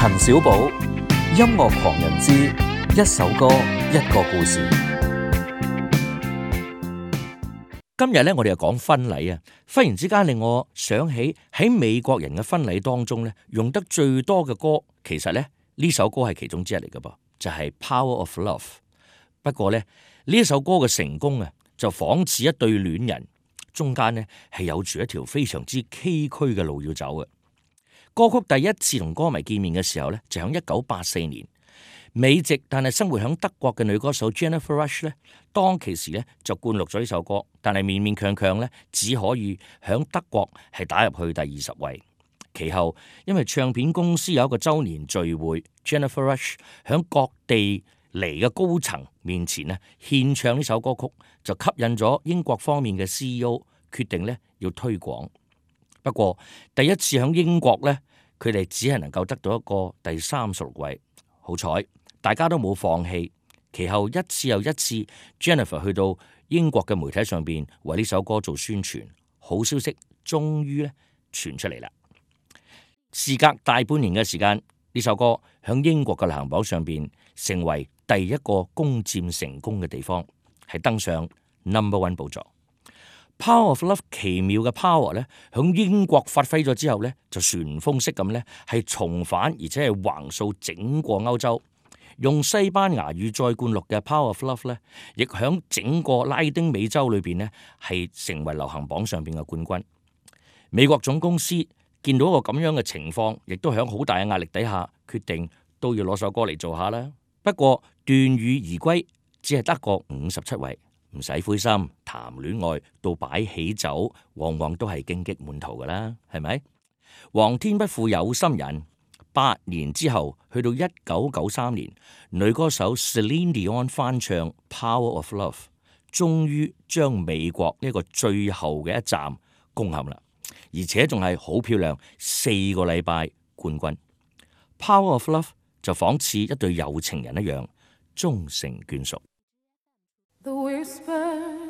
陳少寶，音樂狂人之一首歌一個故事。今日咧，我哋又講婚禮啊！忽然之間令我想起喺美國人嘅婚禮當中咧，用得最多嘅歌，其實咧呢首歌係其中之一嚟嘅噃，就係《Power of Love》。不過咧呢一首歌嘅成功啊，就仿似一對戀人中間咧係有住一條非常之崎嶇嘅路要走嘅。歌曲第一次同歌迷見面嘅時候呢就喺一九八四年，美籍但係生活響德國嘅女歌手 Jennifer Rush 呢當其時呢就灌錄咗呢首歌，但係勉勉強強呢只可以響德國係打入去第二十位。其後因為唱片公司有一個周年聚會，Jennifer Rush 響各地嚟嘅高層面前呢獻唱呢首歌曲，就吸引咗英國方面嘅 CEO 決定呢要推廣。不過第一次響英國呢。佢哋只係能夠得到一個第三十六位，好彩大家都冇放棄。其後一次又一次，Jennifer 去到英國嘅媒體上邊為呢首歌做宣傳。好消息終於咧傳出嚟啦！事隔大半年嘅時間，呢首歌響英國嘅排行榜上邊成為第一個攻佔成功嘅地方，係登上 Number One 寶座。Power of Love 奇妙嘅 power 咧，喺英國發揮咗之後咧，就旋風式咁咧係重返，而且係橫掃整個歐洲。用西班牙語再灌錄嘅 Power of Love 咧，亦喺整個拉丁美洲裏邊咧係成為流行榜上邊嘅冠軍。美國總公司見到一個咁樣嘅情況，亦都喺好大嘅壓力底下決定都要攞首歌嚟做下啦。不過斷羽而歸，只係得個五十七位，唔使灰心。談戀愛到擺喜酒，往往都係荊棘滿途噶啦，係咪？皇天不負有心人，八年之後去到一九九三年，女歌手 Celine Dion 翻唱《Power of Love》，終於將美國呢個最後嘅一站攻陷啦，而且仲係好漂亮，四個禮拜冠軍。《Power of Love》就仿似一對有情人一樣，終成眷屬。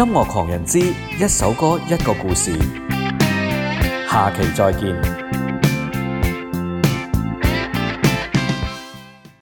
音樂狂人之一首歌一個故事，下期再見。